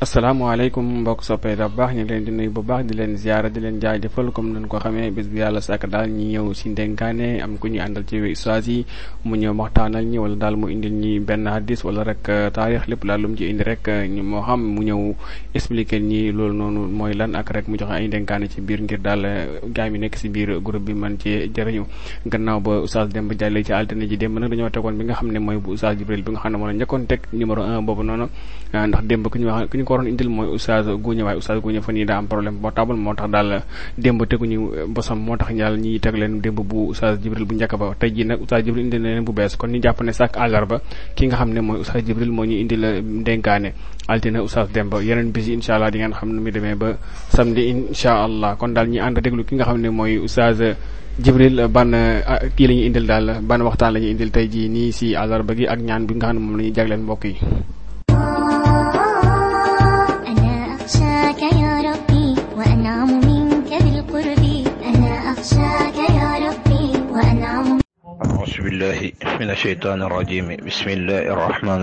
asalaamaaleykum mbokk soppee da baax ñu leen di nuyu bu baax di leen ziara di leen jaajëfal kom nañ ko xamee bis bu yàlla sàkk daal ñi ñëw si ndénkaane am ku ñuy àndal ci ustaas yi mu ñëw waxtaanal ñi wala daal mu indil ñi benn hadis wala rek euh, taarix lépp daal lu mu ci indi rek euh, ñu moo xam mu ñëw expliquer ñi loolu noonu mooy lan ak rek mu joxe ay ndénkaane ci biir ngir daal euh, gaay mi nekk si biir groupe bi man ci jëriñu gannaaw ba ustaas Demba Jalle ci altine ji démb nag dañoo tegoon bi nga xam ne mooy bu ustaas Jibril bi ne moo la njëkkoon teg numéro un boobu noonu ndax démb ku ko indil mooy oustaz Gougne waaye oustaz Gougne fan yii daa am problème portable moo tax daal démb teguñu bosam moo tax ñaal ñiy teg leen démb bu oustaz Jibril bu njëkk ba tey jii nag oustaz Jibril indil bu bees kon ñu jàpp ne sàkk àllarba ki nga xam ne mooy oustaz Jibril moo ñu indil dénkaane altine oustaz Demba yeneen bis yi incha allah di ngeen xam nu muy demee ba samedi incha allah kon daal ñi ànd déglu ki nga xam ne mooy oustaz Jibril ban ah, kii la indil daal ban waxtaan la ñuy indil tey jii nii si àllarba gi ak ñaan bi nga xam ne moom la ñuy jagleen mbokk yi بالله من الشيطان الرجيم بسم الله الرحمن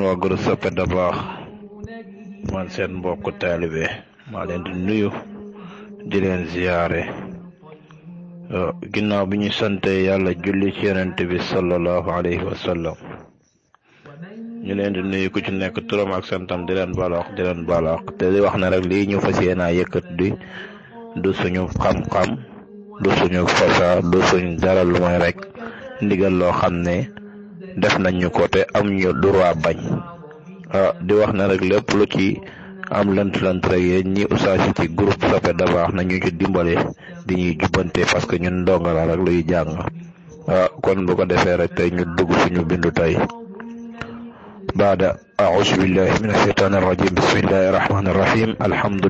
waa groupe soppe baax man seen mbokk taalibe maa leen di nuyu di leen ziyaare ah, ginnaaw bu ñu sante yàlla julli ci yonent bi sallallahu alayhi wa ñu leen di nuyu ku ci nekk turam ak santam di leen balaax di leen balaax te di wax na rek li ñu fas yéenaa yëkkat di du suñu xam-xam du suñu fosa du suñu dara lu may rek ndigal loo xam ne def nañ ñu ko te am ñu droit bañ ah, di wax na rek lépp lu ci am lënt lënt rek yéen ñi usaasi ci groupe soppe dabaax na ñu ci dimbale di ñuy jubbante parce que ñun ndongala rek luy jàng ah, kon bu ko defee rek te ñu dugg suñu bindu tey بعد أعوذ بالله من الشيطان الرجيم بسم الله الرحمن الرحيم الحمد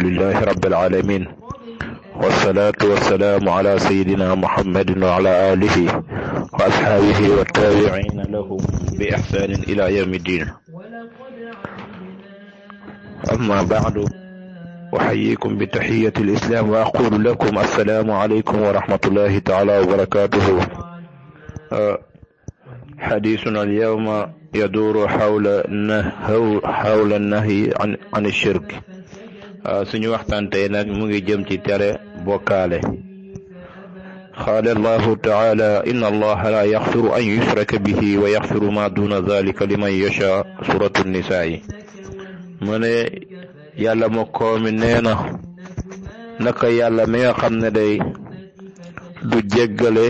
wasalaatu wasalaamu ala sayidina muhammadin wa ala alihi wa ashaabihi wa taabiciina lahum bi ixsaanin ila yawmi diin amma baadu uxayikum bi taxiyati alislaam wa aqulu lakum assalaamu alaykum wa rahmatullahi taala wa barakatuhu xadiisuna alyawma yaduuru xawla xawla annahyi an ashirk Euh, suñu waxtaan tey nag mu ngi jëm ci tere bokkaale qaala allahu taala inna allaha la yaxfiru an yushraka bihi wa yaxfiru ma duna zalika liman yasha suratu nisaa yi mu ne yàlla ma koomi nee na naka yàlla mi xam ne day du jéggale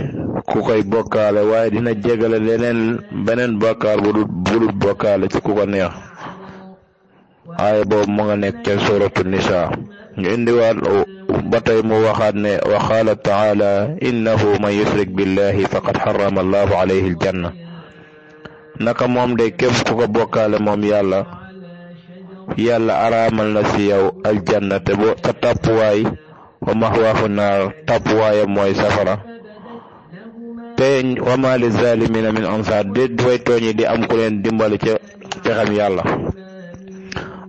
ku koy bokkaale waaye dina jéggale leneen beneen bokkaar bu dul ci ku ko neex aaya boobu mu nga nekk ca suratu nisaa ñu indiwaat ba tey mu waxaat ne wa qaala taala innahu man yushrik billahi faqad xarama allahu moom de képp ku ko bokkaale moom yàlla yàlla araamal na si yow aljanna te bo sa tàppuwaay wa maxwaahu naar mooy safara te wa ma li zalimina min ansaar déet way di am ku leen dimbali ca pexem yàlla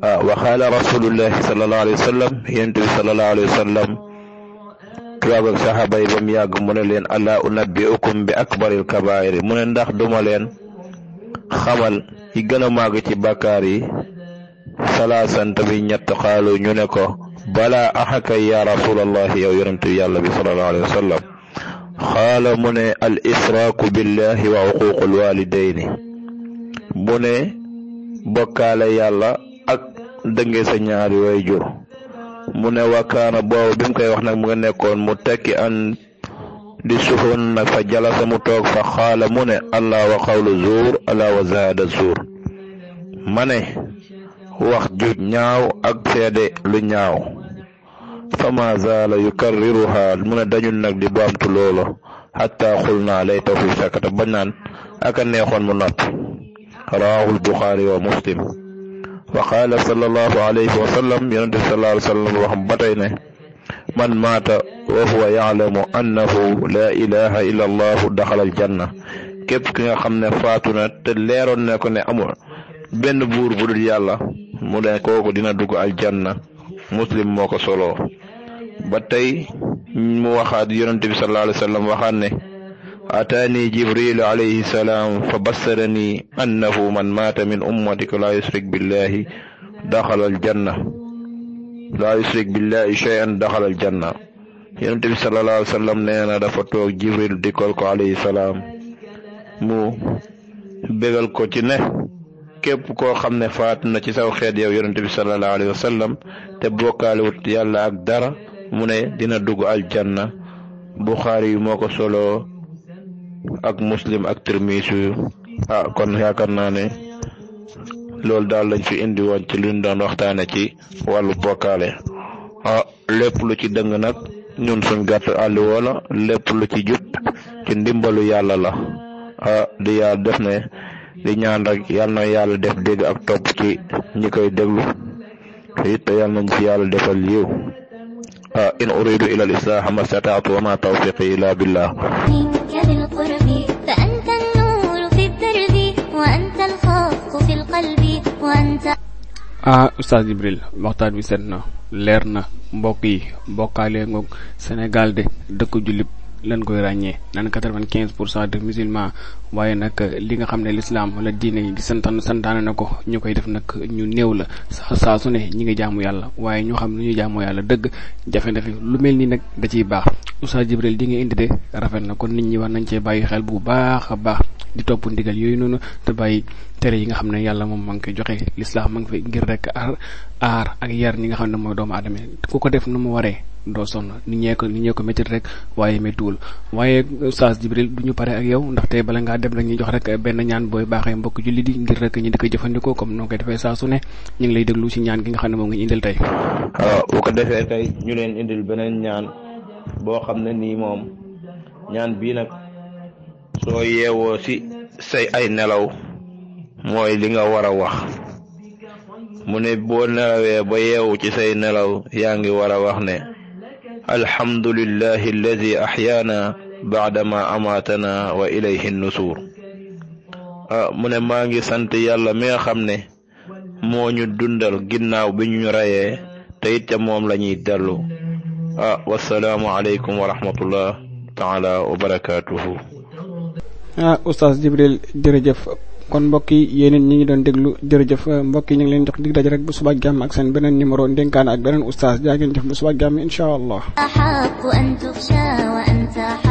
wa qaala rasulullahi sallallahu alayhi wa sallam yonent bi sallallahu ak saxaaba yi ba mu yàgg mu ne leen ala unabbiukum bi akbaril kabaayir mu ne ndax duma leen xamal yi gën a màgg ci bàkkaar yi salaasan tamit ñett xaalu ñu ne ko balaa axaka ya rasulallahi yow yonentu yàlla bi sallallahu alayhi wa xaala mu ne al billahi wa uququl walidayni mu ne bokkaale yàlla dëngee sa ñaari way jur mu ne wakkaana boobu bi mu koy wax nag mu nga nekkoon mu tekki an di suxun nag fa jalasa mu toog fa xaala mu ne allah wa xawlu zuur allah wa zaada ma ne wax ju ñaaw ak seede lu ñaaw fa yu zaala yukarriruha mu ne dañul nag di baamtu loolu xatta xul naa lay taw fi sakata bañ naan aka neexoon mu nopp rawaahul buxaari wa muslim wa qaala sallallahu alayhi wa sallam yonente bi sallallahu alayhi wa ba tey ne man maata wa huwa yaalamu annahu laa ilaha illa allahu aljanna képp ki nga xam ne faatu na te leeroon ne ko ne amul benn buur bu dul yàlla mu ne kooku dina dugg aljanna muslim moo ko soloo ba tey mu waxaat yonente bi sallallahu alayhi wa waxaat ne ataani jibril alayhi salaam fa bassarani annahu man maata min ummatika laa yushrik billahi daxala aljanna laa yushrik billahi shay'an daxala aljanna yonent bi sallallahu alayhi wa sallam dafa toog jibril dikkal ko alayhi salaam mu bégal ko ci ne képp koo xam ne faat na ci saw xeet yow yonent bi sallallahu alayhi wa sallam te bokkaalewut yàlla ak dara mu ne dina dugg aljanna buxaari yi moo ko soloo ak muslim ak tirmisu ah kon yaakaar naa ne loolu daal lañ fi indi woon ci luñ doon waxtaane ci wàllu bokkaale ah lépp lu ci dëng nag ñun suñ gàtt àll wala lépp lu ci jub ci ndimbalu yàlla la ah di yàlla def ne di ñaan rek yàlla na yàlla def dégg ak topp ci ñi koy déglu it yàlla nañ ci yàlla defal yiw ah, in uridu ila al islah ma stataatu wa ma tawfiqi illa billah ah Oustaz Jibril waxtaan wi set na leer na mbokk yi mbokkaale ngoog Sénégal de dëkk jullit lan koy ràññee nan quatre-vingt-quinze pour cent de musulmans waaye nag li nga xam ne lislaam wala diine yi di santaan santaane na ko ñu koy def nag ñu néew la saa saa su ne ñi ngi jaamu yàlla waaye ñu xam ni ñu jaamu yàlla dëgg jafe-jafe lu mel ni nag da ciy baax Oustaz Jibril di nga indi de rafet na kon nit ñi war nañ cee bàyyi xel bu baax a baax. di topp ndigal yooyu noonu te bàyyi tere yi nga xam ne yàlla moom ma ngi joxe lislaam ma ngir rek aar aar ak yar ñi nga xam ne mooy doomu aadama ku ko def nu mu waree doo sonn ni ñee ko ni ñee ko métti rek waaye méttiwul waaye Oustaz Jibril ñu pare ak yow ndaxte bala ngaa dem rek ñu jox rek benn ñaan booy baaxee mbokk julli di ngir rek ñu di ko jëfandikoo comme noo koy defee saa su ne ñu ngi lay déglu ci ñaan gi nga xam ne moom nga ñu indil tey. Ah, bu ko defee tey ñu leen indil beneen ñaan boo xam ne nii moom ñaan bii nag soo yeewoo ci say ay nelaw mooy li nga war a wax mu ne boo nelawee ba yeewu ci say nelaw yaa ngi war a wax ne alhamdulillahi alladi axyaana baadama amaatana wa ilayhi nusuur ah mu ne maa ngi sant yàlla mi nga xam ne moo ñu dundal ginnaaw bi ñu reyee te ca moom la ñuy dellu ah wasalaamu aleykum wa rahmatullah wa barakaatuhu ah oustaz Jibril jërëjëf kon mbokk yi yéen ñi ngi doon déglu jërëjëf mbokk yi ngi leen jox dig daje rek bu suba ak jàmm ak seen beneen numéro ndénkaane ak beneen oustaz jaa ngeen jëf bu suba ak jàmm incha